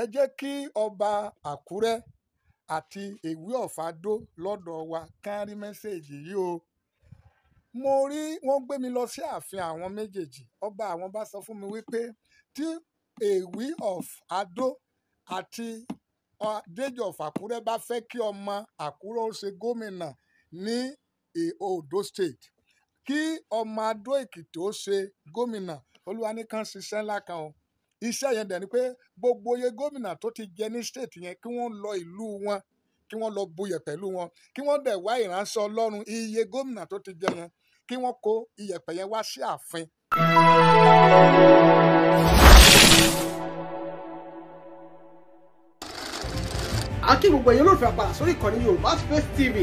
ẹ jẹ́ kí ọba àkúrẹ́ àti èwe ọ̀fadó lọ́dọ̀ wa kán rí mẹ́sẹ̀gì yìí o mo rí wọ́n gbé mi lọ sí ààfin àwọn méjèèjì ọba àwọn bá sọ fún mi wípé tí èwe ọ̀fadó àti Déjì of bá fẹ́ kí ọmọ Àkúrẹ́ ó ṣe gómìnà ní Ondo State kí ọmọ Adó Èkìtì ó ṣe gómìnà olúwa ní kàn ṣiṣẹ́ ńlá kan o iṣẹ́ yẹn dẹ̀ ni pé gbogbo iye gómìnà tó ti jẹ ní state yẹn kí wọ́n lọ ìlú wọn kí wọ́n lọ buyẹ̀ pẹ̀lú wọn kí wọ́n dẹ̀ wá ìránṣẹ́ ọlọ́run iye gómìnà tó ti jẹ yẹn kí wọ́n kó iyẹ̀pẹ̀ yẹn wá sí ààfin. akí gbogbo ẹ̀yin olóòfẹ́ àpàdà sórí ìkànnì Yorùbá Space TV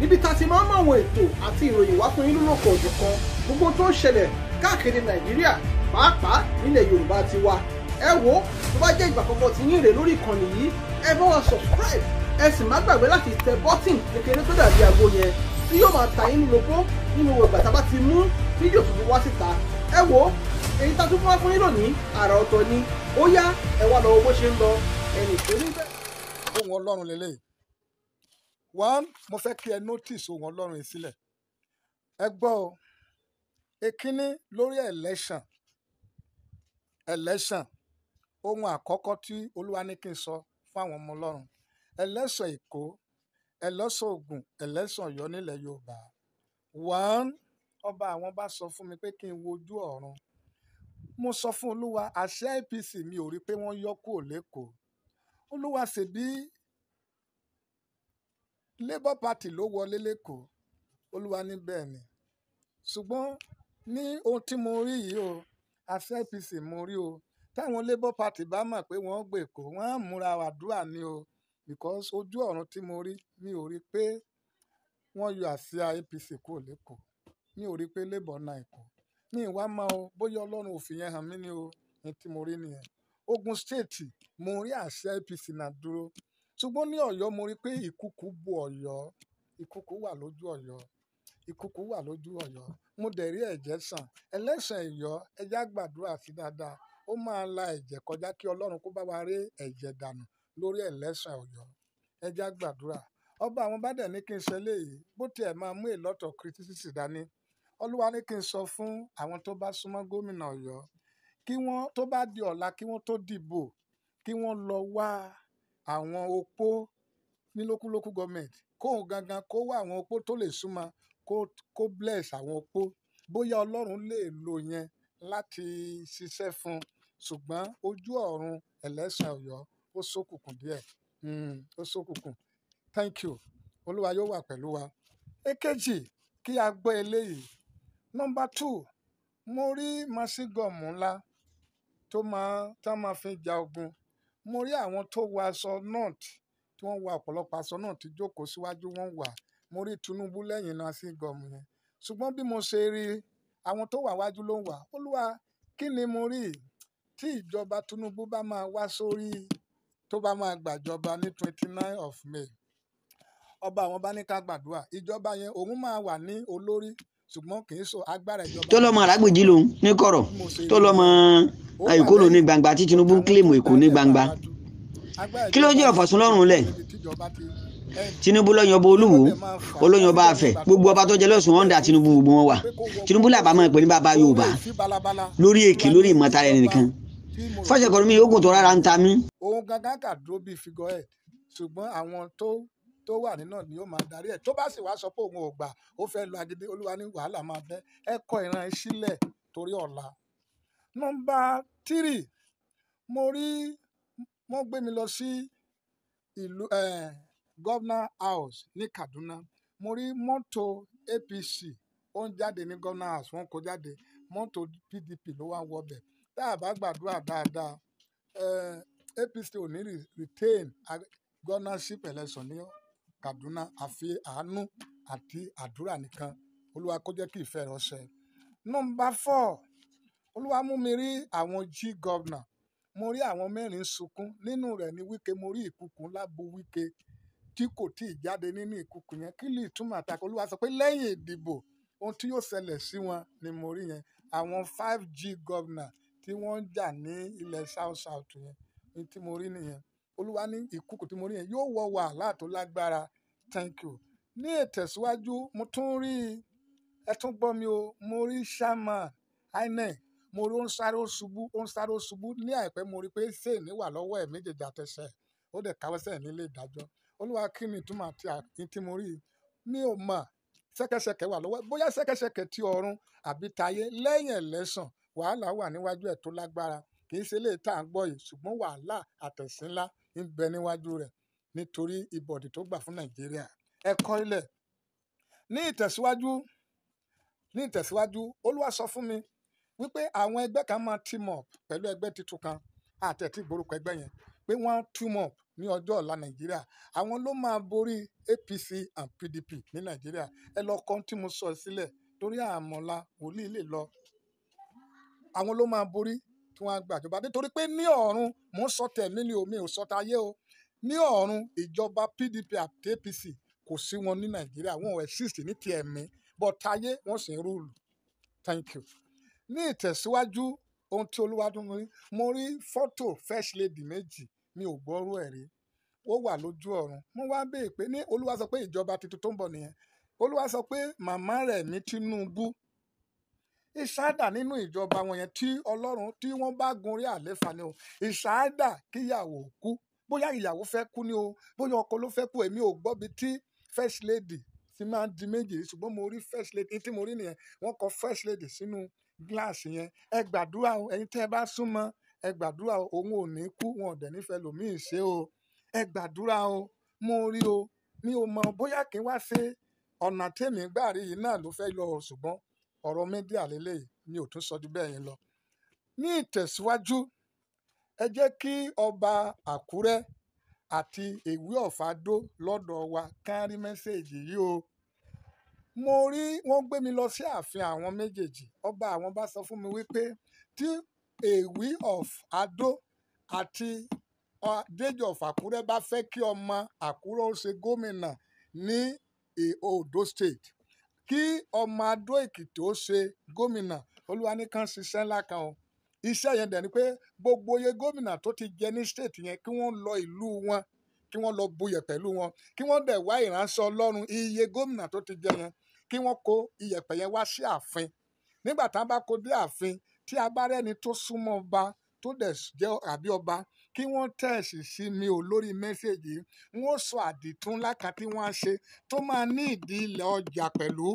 níbi tá a ti máa ń mọ àwọn ètò àti ìròyìn wá fún yín lọ́nà kan ọ̀jọ̀kan gbogbo tó ń ṣẹlẹ̀ káàkiri Nàìjíríà pàápàá nílẹ̀ Yorùbá tiwa ẹ wo tó bá jẹ́ ìgbà àkọ́kọ́ tí yín rè lórí ìkànnì yìí ẹ bá wa subscribe ẹ sì má gbàgbé láti tẹ bọ́tìn kékeré tó dàbí àgbo yẹn tí yóò máa ta yín lóko nínú ìgbà tá a bá ti mú fídíò tuntun wá síta ẹ wo èyí tá a tún fún wa fún yín lónìí àrà ọ̀tọ̀ ni ó yá ẹ wá lọ bó ṣe ń lọ ẹnì tó ní bẹ́ẹ̀. ohun ọlọ́run lélẹ́yìí one mo fẹ́ kí ẹ notice ohun ọlọ́run yìí sílẹ̀ ẹ gbọ́ o èkíní lórí election election ohun àkọ́kọ́ tí olúwa ní kí n sọ fún àwọn ọmọ ọlọ́run ẹlẹ́sàn èkó ẹlẹ́sàn ògùn ẹlẹ́sàn ọ̀yọ́ nílẹ̀ yorùbá wọ́n ọba àwọn bá sọ fún mi pé kí n wojú ọ̀run mo sọ fún olúwa àṣẹ IPC mi ò rí pé wọ́n yọ kúrò lẹ́kọ̀ọ́ olúwa sì bí Labour Party ló wọlé lẹ́kọ̀ọ́ olúwa ní bẹ́ẹ̀ ni ṣùgbọ́n ní ohun tí mo rí yìí o àṣẹ IPC mo rí o táwọn labour party bá mọ̀ pé wọ́n gbè kó wọ́n á múra àdúrà ni o because ojú ọ̀run tí mo rí mi ò rí pé wọ́n yọ àsíá apc kúrò lẹ́kọ̀ọ́ mi ò rí pé labour náà ẹ̀kọ́ ní ìwà máa o bóyá ọlọ́run òfin yẹn hàn mí ni o ní tí mo rí nìyẹn Ògùn state mo rí àsíá apc náà dúró ṣùgbọ́n ní ọ̀yọ́ mo rí pé ìkúkú bu ọ̀yọ́ ìkúkú wà lójú ọ̀yọ́ ìkúkú wà lójú ọ̀yọ́ mo dẹ̀ rí ẹ̀jẹ̀ sàn ẹlẹ́sàn ẹ̀yọ́ ẹ̀já gbàdúrà sí dáadáa ó máa la ẹ̀jẹ̀ kọjá kí Ọlọ́run kó bá wa ré ẹ̀jẹ̀ dànù lórí Ẹlẹ́sà Ọ̀yọ́ ẹ já gbàdúrà ọba àwọn bá dẹ̀ ní kí n ṣe léyìí bó tiẹ̀ máa mú èlọ́tọ̀ kìrìtìsì dání Olúwa ní kí n sọ fún àwọn tó bá súnmọ́ gómìnà Ọ̀yọ́ kí wọ́n tó bá di ọ̀la kí wọ́n tó dìbò kí wọ́n lọ wá àwọn opó ní lókúlókú gọọmenti kóhun gangan kó wá àwọn opó tó lè súnmọ́ kó kó bless àwọn opó bóyá Ọlọ́run lè lò yẹn láti ṣiṣẹ́ fún un ṣùgbọ́n ojú ọ̀run ẹlẹ́sìn ọ̀yọ́ ó ṣókùnkùn díẹ̀ hmm, ó ṣókùnkùn thank you olúwa yóò wà pẹ̀lú wa. èkejì kí a gbọ́ eléyìí nọmba two mo rí masigọ̀mù ńlá tó máa tá máa fi ja ogun mo rí àwọn tó wọ aṣọ náà tí wọ́n wọ ọ̀pọ̀lọpọ̀ aṣọ náà tí jókòó síwájú wọn wà mo rí Tinubu lẹ́yìn masigọ̀mù yẹn ṣùgbọ́n bí mo ṣe rí àwọn tó wà wájú ló ń wà olúwa kí ni mo rí tí ìjọba Tinubu bá máa wá sórí tó bá máa gbàjọba ní twenty nine of May ọba àwọn bá ní ká gbàdúrà ìjọba yẹn òun máa wà ní olórí ṣùgbọ́n kì í sọ agbára ìjọba. tó lọ́mọ alágbèjì lòun ní kọ̀rọ̀ tó lọ́mọ èkó lòun ní gbangba tí Tinubu kílèmù èkó ní gbangba kí ló jẹ́ ọ̀fọ̀sùn lọ́rùn lẹ̀ Tinubu lọ́yìn ọba Olúwo olóyìn ọba Afẹ̀ gbogbo ọba tó jẹ lọ́sùn ọ̀ndà Tinubu gbogbo wọn wà Tinubu làbá máa ní bàbá Yorùbá lórí èké lórí ìmọ̀tara ẹnìkan fàṣẹkọrọ mi oògùn tó rárá ń ta mí. òun gangan kà dúró bíi figure ṣùgbọ́n àwọn tó tó wà nínú ni yóò máa darí ẹ̀ tó bá sì wá sọ pé òun ò gbà ó fẹ́ lu agídé olúwa ní wàhálà máa bẹ́ ẹ kọ ìran sílẹ̀ torí ọ̀la. nọ́mbà tírì mo rí wọ́n gbé mi lọ sí ìlú governor house ní Kaduna mo rí mọ́tò APC ó ń jáde ní governor house wọ́n kó jáde mọ́tò PDP ló wá wọ bẹ̀ tá a bá gbàdúrà dáadáa eh, APC ò ní retain governorship election ní Kaduna àfi àánú àti àdúrà nìkan olúwa kó jẹ́ kí ìfẹ́ rẹ̀ ṣẹ. nọ́mbà four olúwa mú mi rí àwọn g governor mo rí àwọn mẹ́rin sunkún nínú rẹ̀ ní Wike mo rí ìkùkùn lábo Wike tí kò tí ì jáde nínú ìkùkùn yẹn kí lè túmọ̀ àtàkùn olúwa sọ pé lẹ́yìn ìdìbò ohun tí yóò ṣẹlẹ̀ sí wọn ni mo rí yẹn àwọn five g governor tí wọ́n ń jà ní ilẹ̀ South South yẹn ní tí mo rí nìyẹn olúwa ní ìkúkù tí mo rí yẹn yóò wọ wàhálà tó lágbára thank you ní ìtẹ̀síwájú mo tún rí ẹ tún gbọ́ mi o mo rí Sherman INEC mo rí ó ń sáré ó ṣubú ó ń sáré ó ṣubú ní àìpẹ́ mo rí pé sèèní wà lọ́wọ́ ẹ̀ méjèèjì àtẹ̀sẹ̀ ó dẹ̀ káwọ́ sẹ́yìn nílé ìdájọ́ olúwa kí ni ìtumọ̀ àti àti tí mo rí mi ò mọ̀ ṣẹ́kẹ́ṣẹkẹ̀ wà lọ́wọ́ bóyá ṣẹ́kẹ́ṣẹkẹ̀ ti ọ̀run àbí tayé lẹ́yìn ẹ̀lẹ́sàn wàhálà wà níwájú ẹ̀ tó lágbára kì í ṣe eléyìí tá à ń gbọ́ yìí ṣùgbọ́n wàhálà àtẹ̀sí ńlá ń bẹ níwájú rẹ̀ nítorí ibọ̀dì tó gbà fún nàìjíríà ẹ̀kọ́ ilẹ̀ ní ìtẹ̀síwájú ní ìtẹ̀síwájú olúwa sọ fún mi wípé àwọn ẹgbẹ́ kan máa team up pẹ̀lú ẹgbẹ́ tuntun kan àtẹ̀tí ìgbórúkọ ẹgbẹ́ yẹn pé wọ́n team up ní ọjọ́ ọ̀la nàìjíríà àwọn ló máa borí APC and PDP ní nàìjíríà ẹ lọ kọ́ tí mo sọ sílẹ̀ torí àmọ́lá wòlíì lè lọ àwọn ló máa borí tí wọ́n á gbàjọba nítorí pé ní ọ̀run mò ń sọ tẹ̀mí ni omi ò sọ tayé o ní ọ̀run ìjọba PDP àti APC kò sí wọn ní Nàìjíríà wọn ò exist ní ti ẹ̀mí but tayé wọ́n sì ń rúùlù thank you ní ìtẹ̀síwájú ohun tí Olúwadùn mi mo rí fọ́tò first lady méjì mi ò gbọ́rú ẹ̀ rí ó wà lójú ọ̀run mo wá béè pé ní Olúwa sọ pé ìjọba tuntun tó ń bọ̀ nìyẹn Olúwa sọ pé màmá rẹ̀ ní Tinubu ìsáàdà nínú ìjọba wọn yẹn tí ọlọ́run tí wọ́n bá gun orí àléfà ni o ìsáàdà kíyàwó kú bóyá ìyàwó fẹ́ kú ni o bóyá ọkọ ló fẹ́ kú èmi ò gbọ́ bi tí first lady ti máa ń di méje ṣùgbọ́n mo rí first lady tí mo rí nìyẹn wọ́n kọ first lady sínú gíláàsì yẹn ẹ gbàdúrà o ẹ̀yin tẹ́ ẹ bá súnmọ́ ẹ gbàdúrà o òun ò ní kú wọn ò dẹ̀ nífẹ̀ẹ́ lòmíì ṣe o ẹ gbàdúrà o mo rí o mi ò mọ bóyá kí n wá ṣe ọ̀nà tèmi gbà yìí náà ló fẹ́ lọ ṣùgbọ́n ọ̀rọ̀ mídíà lélẹ́yìí mi ò tún sọ ju bẹ́ẹ̀ yẹn lọ. ní ìtẹ̀síwájú ẹ jẹ́ kí ọba àkúrẹ́ àti èwe ọ̀fadó lọ́dọ̀ wa kán rí mẹ́sẹ̀gì yìí o mo rí wọ́n gbé mi lọ sí ààfin àwọn méjèèjì ọba àwọn bá sọ fún mi wípé tí èwe ọ̀fadó àti Adéjì of Àkúrẹ́ bá fẹ́ kí ọmọ Àkúrẹ́ ó ṣe gómìnà ní Ondo State kí ọmọ adó èkìtì ó ṣe gómìnà olúwa ní kàn ṣiṣẹ́ ńlá kan o iṣẹ́ yẹn dẹ̀ ni pé gbogbo iye gómìnà tó ti jẹ ní stéètì yẹn kí wọ́n lọ ìlú wọn kí wọ́n lọ buyẹ̀ pẹ̀lú wọn kí wọ́n dẹ̀ wá ìránṣẹ́ ọlọ́run iye gómìnà tó ti jẹ yẹn kí wọ́n kó iyẹ̀pẹ̀ yẹn wá sí ààfin nígbà tá a bá kó dé ààfin tí a bá rẹ́ni tó súnmọ́ ọba tó dẹ̀ jẹ́ àbí ọba kí wọ́n tẹ̀sì sí mi ò lórí mẹ́sẹ̀gì n ó sọ àdìtún láka tí wọ́n á ṣe tó máa ní ìdí ilẹ̀ ọjà pẹ̀lú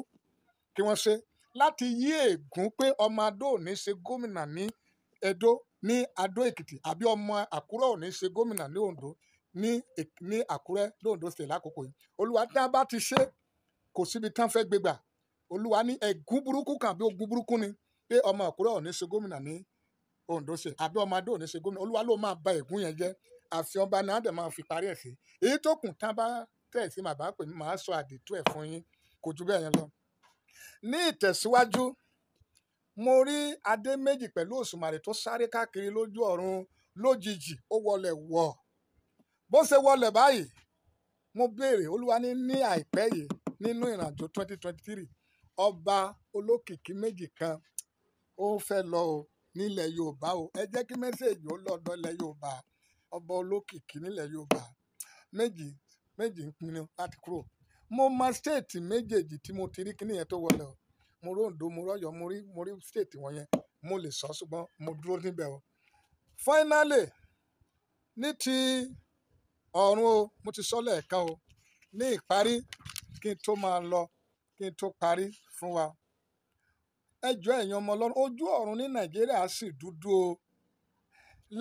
kí wọ́n ṣe láti yí ègún pé ọmọ adó ò ní ṣe gómìnà ní Ẹdó ní Adó Èkìtì àbí ọmọ Àkúrẹ́ ò ní ṣe gómìnà ní Oǹdó ní ní Àkúrẹ́ lóǹdó ṣe lákòókò yìí olúwa tí wọn bá ti ṣe kò síbi tán fẹ́ gbégbà olúwa ní ẹ̀gún burúkú kan àbí ogun burúkú ni pé ọmọ Àkúrẹ́ ò ṣe gómìnà ní Ondo ṣe àbí ọmọdé ò ní ṣe gómìnà olúwa ló máa ba ègún yẹn jẹ́ àfi ọba náà dẹ̀ máa fi parí ẹ̀ sí èyí tó kù tán bá tẹ̀ sí màbá pè mí màá sọ àdìtú ẹ̀ fún yín kò ju bẹ́ẹ̀ yẹn lọ. ní ìtẹ̀síwájú mo rí adé méjì pẹ̀lú òṣùmàrè tó sáré káàkiri lójú ọ̀run lójijì ó wọlẹ̀ wọ̀ bó ṣe wọlẹ̀ báyìí mo béèrè olúwa ní ní àìpẹ́ yìí nínú ìrìnàjò twenty twenty three ọba olókìkí méjì kan ó fẹ́ lọ o nílẹ̀ yorùbá o ẹ jẹ́ kí mẹ́sẹ̀gì ó lọ́dọ̀ ilẹ̀ yorùbá ọba olókìkí nílẹ̀ yorùbá méjì méjì ń pinnu láti kúrò mo mọ stéètì méjèèjì tí mo ti rí kíní yẹn tó wọlé o mo rí Oǹdó mo rí Ọ̀yọ́ mo rí mo rí stéètì wọn yẹn mo lè sọ ṣùgbọ́n mo dúró níbẹ̀ o finally ní ti ọ̀run o mo ti sọ lẹ́ẹ̀kan o ní ìparí kí n tó máa lọ kí n tó parí fún wa ẹjọ́ ẹ̀yàn ọmọ ọlọ́run ojú ọ̀run ní nàìjíríà sì dúdú o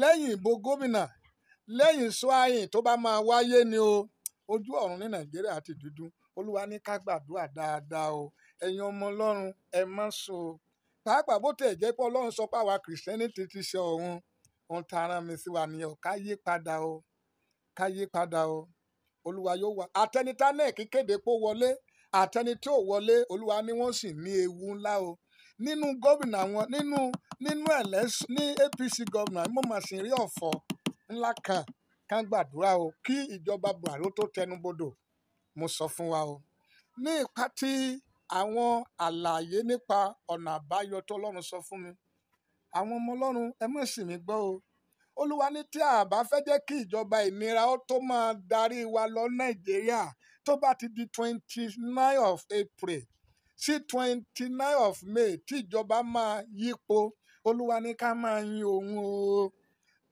lẹ́yìn ìbò gómìnà lẹ́yìn sọ́àyìn tó bá máa wáyé ni o ojú ọ̀run ní nàìjíríà ti dúdú olúwa ní ká gbàdúrà dáadáa o ẹ̀yin ọmọ ọlọ́run ẹ má so pàápàá bó tẹ̀ jẹ́ pé ọlọ́run sọ pé àwa kìrìsìtẹ́nì ti ti ṣe ọ̀run ohun tá a rán mi sí wa nìyẹn ká yí padà o ká yí padà o olúwa yóò wá àtẹnitá náà kíkéde pé ó wọlé àtẹnitó wọlé olúwa ni wọ́n sì ní ewu ńlá o nínú gómìnà wọn nínú nínú ẹlẹ́sùn ní APC gómìnà mo rí ńlá kan kan gbàdúrà o kí ìjọba Buhari tó tẹnubodò mo sọ fún wa o ní ipa tí àwọn àlàyé nípa ọ̀nà àbáyọ tó Ọlọ́run sọ fún mi àwọn ọmọ Ọlọ́run ẹ mọ̀ sí mi gbọ́ o olúwa ní tí a fẹ́ jẹ́ kí ìjọba ìnira ó darí wa lọ Nàìjíríà tó bá ti di twenty nine of sí twenty nine of May tíjọba máa yípo olúwa ní ká máa yin òun o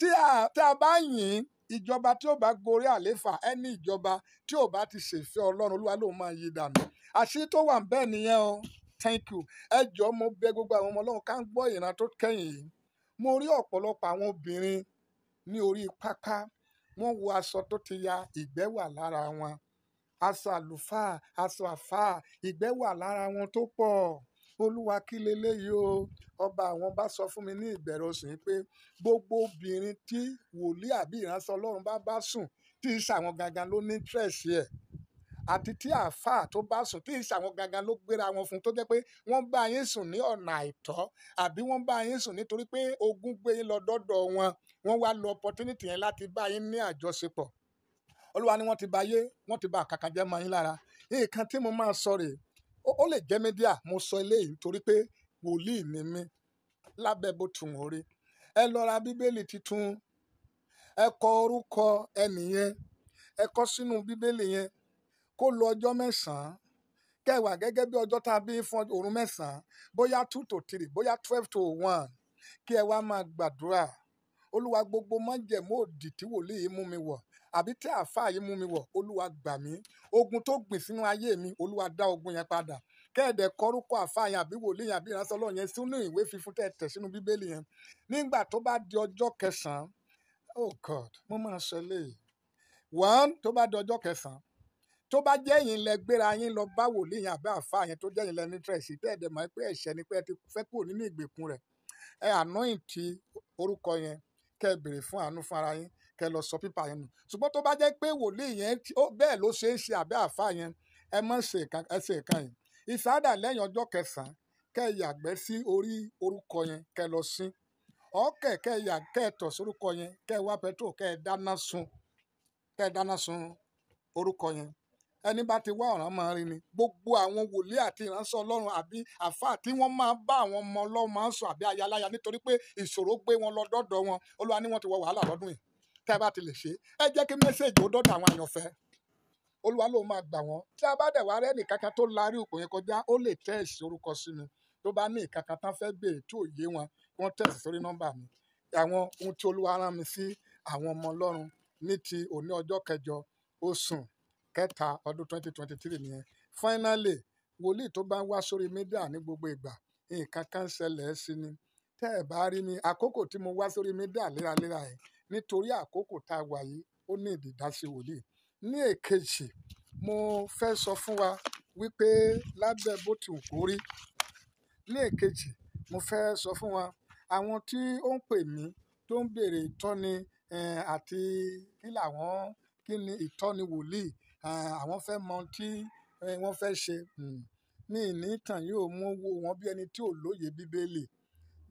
tí a bá yìn ìjọba tí ó bá gorí àléfà ẹni ìjọba tí ò bá ti ṣèfẹ́ ọlọ́run olúwa ló máa yí dànù àṣírí tó wà bẹ́ẹ̀ nìyẹn o thank you ẹ jọ mo bẹ̀ gbogbo àwọn ọmọ ọlọ́run ká ń gbọ́ ìran tó kẹ́yìn yìí mo rí ọ̀pọ̀lọpọ̀ àwọn obìnrin ní orí pápá wọ́n wọ aṣọ tó ti ya ìgbẹ́ wà lára wọn aṣọ àlùfáà aṣọ àfáà ìgbẹ́ wà lára wọn tó pọ̀ olúwa kí leléyìí o ọba àwọn bá sọ fún mi ní ìbẹ̀rẹ̀ oṣù yìí pé gbogbo obìnrin tí wòlíì àbí ìránṣẹ́ ọlọ́run bá bá sùn tí í ṣàwọn gangan ló ní tírẹ̀sì ẹ̀ àti tí àáfàá tó bá sùn tí ìṣàwọn gangan ló gbéra wọn fún tó jẹ́ pé wọ́n bá yín sùn ní ọ̀nà àìtọ́ àbí wọ́n bá yín sùn nítorí pé ogún gbé yín lọ dọ́dọ̀ wọn wọ́n wá lo opportunity yẹn láti bá yín ní àjọṣepọ̀ olúwa ni wọ́n ti ba ayé wọ́n ti ba àkàkà jẹ́ mọ́ yín lára nǹkan tí mo máa sọ rè ó lè jẹ́ mídíà mo sọ eléyìí torí pé wòlíì ni mí lábẹ́ bó tù wọ́n rí ẹ lọ ra bíbélì titun ẹ kọ orúkọ ẹnìyẹn ẹ kọ sínú bíbélì yẹn kó lo ọjọ́ mẹ́sàn-án kẹwàá bí ọjọ́ tá a bí fún òru mẹ́sàn bóyá two to three bóyá twelve to one kí ẹ wá máa gbàdúrà olúwa gbogbo májẹ̀mú òdì tí wòlíì mú mi wọ̀ àbí tí àáfàá yìí mú mi wọ̀ olúwa gbà mí ogun tó gbìn sínú ayé mi olúwa dá ogun yẹn padà kẹ́ẹ̀dẹ̀ kọ́rúkọ àáfàá yẹn àbí wòlíì yẹn àbí ìránṣẹ́ yẹn sínú ìwé fífún tẹ̀ sínú bíbélì yẹn nígbà tó bá di ọjọ́ kẹsàn-án oh god mo máa sọ eléyìí one tó bá di ọjọ́ kẹsàn-án tó bá jẹ́ yín lẹ gbéra yín lọ bá wòlíì yẹn àbí àáfàá yẹn tó jẹ́ yín lẹ ní tẹ̀sí tẹ́ẹ̀dẹ̀ mọ́ pé ẹ̀ṣẹ̀ ni pé ẹ ti fẹ́ kúrò nínú ìgbèkùn rẹ̀ ẹ anoint orúkọ yẹn kẹ́ béèrè fún àánú fún ara yín kẹ́ lọ sọ pípa yẹn nù ṣùgbọ́n tó bá jẹ́ pé wòlíì yẹn bẹ́ẹ̀ ló ṣeé ṣe àbẹ́ àfa yẹn ẹ mọ̀ ṣe nǹkan yẹn ìsáàdà lẹ́yìn ọjọ́ kẹsàn-án kẹ́ yàgbẹ́ sí orí orúkọ yẹn kẹ́ lọ sí ọ̀kẹ́ kẹ́ yà kẹ́ tọ̀ sórúkọ yẹn kẹ́ wá pẹ̀trò kẹ́ dáná sun kẹ́ dáná sun orúkọ yẹn ẹni bá ti wá ọ̀ràn máa rí ni gbogbo àwọn wòlíì àti ìránṣẹ́ ọlọ́run àbí àfáà tí wọ́n máa bá àwọn ọmọ ọlọ́run máa ń sọ àbí ayaláya nítorí pé ìṣòro gbé wọn lọ dọ́dọ̀ wọn olúwa ni wọ́n ti wọ wàhálà lọ́dún yìí tẹ́ ẹ bá ti lè ṣe ẹ jẹ́ kí mẹ́sẹ̀gì ó dọ́dọ̀ àwọn àyànfẹ́ olúwa ló máa gbà wọ́n tí a bá dẹ̀ wá rẹ́nì kankan tó larí òkò yẹn kọjá ó lè tẹ́ẹ̀sì orúkọ sí mi tó bá ní ìkankan tán fẹ́ béèrè tí ò yé wọn wọ́n tẹ́ẹ̀sì sórí nọ́mbà mi àwọn ohun tí olúwa rán mi sí àwọn ọmọ ọlọ́run ní ti òní ọjọ́ kẹjọ oṣù kẹta ọdún twenty twenty three nìyẹn finally wòlíì tó bá ń wá sórí mídíà ní gbogbo ìgbà nǹkan ṣẹlẹ̀ sí ni tẹ́ ẹ̀ bá rí mi àkókò tí mo wá sórí mídíà léraléra yìí nítorí àkókò tá a wà yìí ó ní ìdìdáṣe wòlíì ní èkejì mo fẹ́ sọ fún wa wípé lábẹ́ bó ti wù kó rí ní èkejì mo fẹ́ sọ fún wa àwọn tí ó ń pè mí tó ń béèrè ìtọ́ni àti kí làwọn kí ni ìtọ́ni wòlíì àwọn fẹ́ mọ tí wọ́n fẹ́ ṣe hmm. mi ní tàn yóò mú wo wọn bí ẹni tí ò lóye bíbélì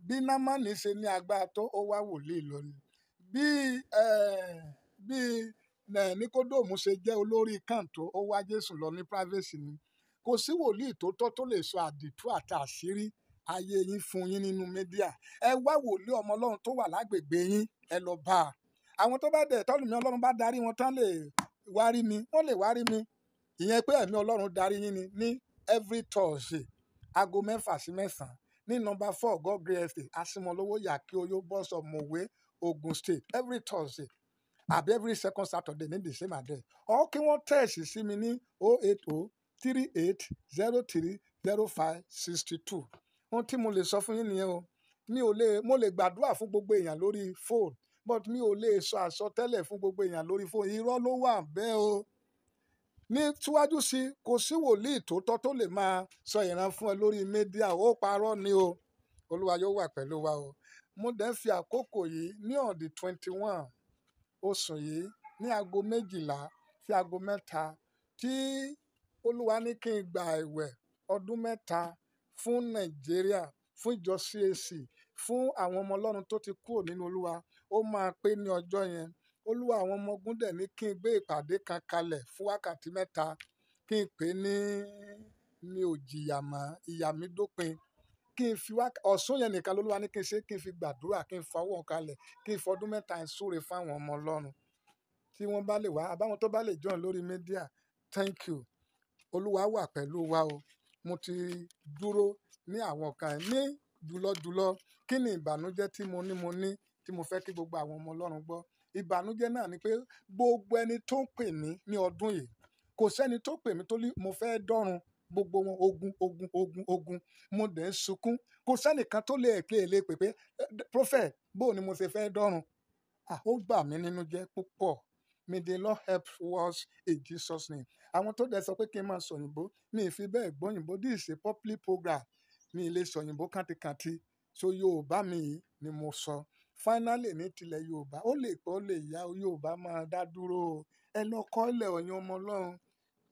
bí námánì ṣe ní agbára tó ó wá wòlíì lọ ni bí eh, bí eh, nikodomu ṣe jẹ́ olórí kàǹtó ó wá jésù lọ ní privacy ni kò sí wòlíì tó tọ́ tó lè sọ àdìtú àti àṣírí ayé yín fún yín nínú mídíà ẹ wá wòlíì ọmọ ọlọ́run tó wà lágbègbè yín ẹ lọ bá a àwọn tó bá dẹ̀ tọ́lùmí ọlọ́run bá darí wọn tán lè wá rí mi wọ́n lè wá rí mi ìyẹn pé ẹ̀mí ọlọ́run darí yín ni ní every thursday aago mẹ́fà sí mẹ́sàn-án ní nọmba four gọ́gẹ́ ẹ̀sìn asimọlówó yàkí oyó bọ́sọ̀ mọ̀wé Ogun State every Thursday àbí every second Saturday ní the same address or kí wọ́n tẹ̀sí sí mi ní oh eight oh three eight zero three zero five sixty two ohun tí mo lè sọ fún yín nìyẹn o mi ò lè mo lè gbàdúrà fún gbogbo èèyàn lórí phone but mi ò lè sọ àsọtẹ́lẹ̀ fún gbogbo èèyàn lórí phone irọ́ ló wà bẹ́ẹ̀ o ní tíwájú sí kò sí wòlíì tòótọ́ tó lè máa sọ ìran fún ẹ lórí mídíà ó parọ́ ni o olúwa yóò wà pẹ̀lú wa o mo dẹ̀ fi àkókò yìí ní on the twenty one oṣù yìí ní aago méjìlá sí aago mẹ́ta tí olúwa ní kí n gba ẹ̀wẹ̀ ọdún mẹ́ta fún nàìjíríà fún ìjọ CAC fún àwọn ọmọ ọlọ́run tó ti kúrò nínú olúwa ó máa pé ní ọjọ́ yẹn olúwa àwọn ọmọ ogun dẹ̀ ní kí n gbé ìpàdé kan kalẹ̀ fún wákàtí mẹ́ta kí n pè é ní mi ò jìyà kí n fi wá ọ̀sán yẹn nìkan lólúwa ní kí n ṣe kí n fi gbàdúrà kí n fọwọ́ kalẹ̀ kí n fọdún mẹ́ta ìsúre fáwọn ọmọ ọlọ́run tí wọ́n bá lè wá àbáwọn tó bá lè join lórí mídíà thank you olúwa wà pẹ̀lú wa o mo ti dúró ní àwọn kan ní jùlọjùlọ kí ni ìbànújẹ́ tí mo ní mo ní tí mo fẹ́ kí gbogbo àwọn ọmọ ọlọ́run gbọ́ ìbànújẹ́ náà ni pé gbogbo ẹni tó ń pè mí ní ọdún yìí kò sẹ́ni tó pè mí tó mo fẹ́ dọ́run gbogbo wọn ogun ogun ogun ogun mo dẹ̀ ń sunkún kò sẹ́nìkan tó lè pè é lè pè pé prophet bó ni mo ṣe fẹ́ dọ́run ó bà mí nínú jẹ́ púpọ̀ may the lord help us in jesus name àwọn tó dẹ̀ sọ pé kí n máa sọ̀yìnbó mi ì fi bẹ́ẹ̀ gbọ́yìnbó this is a public program mi ì lè sọ̀yìnbó kàntìkàntì so yorùbá mi ni mo sọ finally ní tilẹ̀ yorùbá ó lè pọ̀ ó lè yá yorùbá máa dá dúró ẹ lọ kọ́ ilẹ̀ ọ̀yàn ọmọ ọlọ́run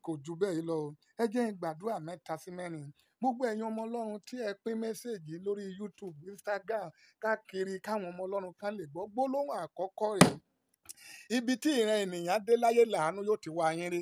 kò ju bẹ́ẹ̀ lọ o ẹ jẹ́ n gbàdúrà mẹ́ta sí mẹ́rin gbogbo ẹ̀yin ọmọ ọlọ́run tí ẹ pín mẹ́sẹ̀gì lórí youtube instagram káàkiri káwọn ọmọ ọlọ́run kan lè gbọ́ gbólóhùn àkọ́kọ́ rẹ̀ ibi tí ìran ènìyàn dé láyé làánú yóò ti wá yín rí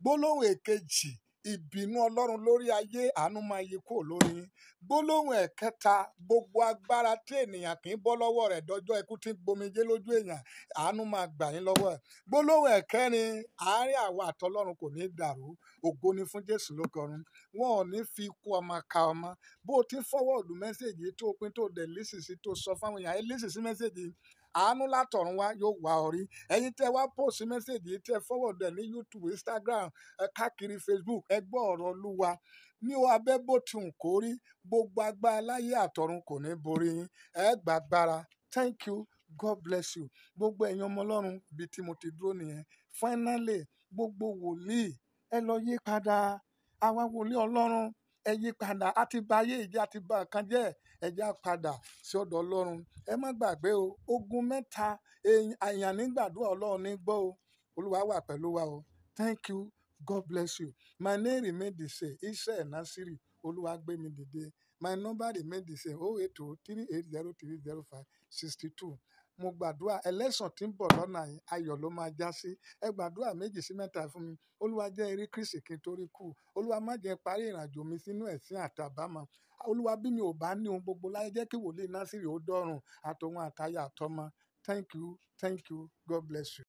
gbólóhùn èkejì ìbínú ọlọ́run lórí ayé àánú máa yí kúrò lórí gbólóhùn ẹ̀kẹta gbogbo agbára tí ènìyàn kì í bọ́ lọ́wọ́ rẹ̀ dọjọ́ ikú tí ń gbomijé lójú èèyàn àánú máa gbà yín lọ́wọ́ ẹ̀ gbólóhùn ẹ̀kẹrin àárín àwa àtọlọ́run kò ní í dàrú ògo ni fún jésù ló kọrun wọn ò ní fi ikú ọmọ ka ọmọ bó o ti fọwọ́ ọ̀dù mẹ́sẹ̀gì tó o pin tó o dẹ̀ lísìsì tó sọ fáwọn èèyàn ẹ lísìsì mẹ́sẹ̀gì àánú látọ̀run wá yóò wá ọ rí ẹ̀yin tẹ́ wá post message yìí tẹ́ forward ẹ̀ ní youtube instagram káàkiri facebook ẹ gbọ́ ọ̀rọ̀ olúwa ní o abẹ́ bó ti hùn kó rí gbogbo agbára láyé àtọ̀run kò ní borí yín ẹ gbàgbára thank you god bless you gbogbo ẹ̀yin ọmọ ọlọ́run ibi tí mo ti dúró nìyẹn finally gbogbo wòlíì ẹ lọ yí padà àwa wòlíì ọlọ́run ẹ yí padà a ti ba ayé ìjẹ́ a ti ba nǹkan jẹ́ ẹ já padà sí ọ̀dọ̀ ọlọ́run ẹ má gbàgbé o ogun mẹ́ta èèyàn nígbàdúrà ọlọ́run ní gbọ́ o olúwa wà pẹ̀lú wa o thank you god bless you my name remain the same iṣẹ́ nasiri olúwa gbé mi dìde my number remain the oh eight oh three eight zero three zero five sixty two mo gbàdúrà ẹlẹ́sàn tí ń bọ̀ lọ́nà yìí ayọ̀ ló máa já sí ẹ gbàdúrà méjì sí mẹ́ta fún mi olúwa jẹ́ erí kristi kí n torí kú olúwa má jẹ́ parí ìrìnàjò mi sínú ẹ̀sìn àtàbámọ̀ olúwa bí mi ò bá ní ohun gbogbo láyé jẹ́ kí wòlíì násìrì ó dọ́rùn àtòun àtayà àtọmọ thank you thank you god bless you.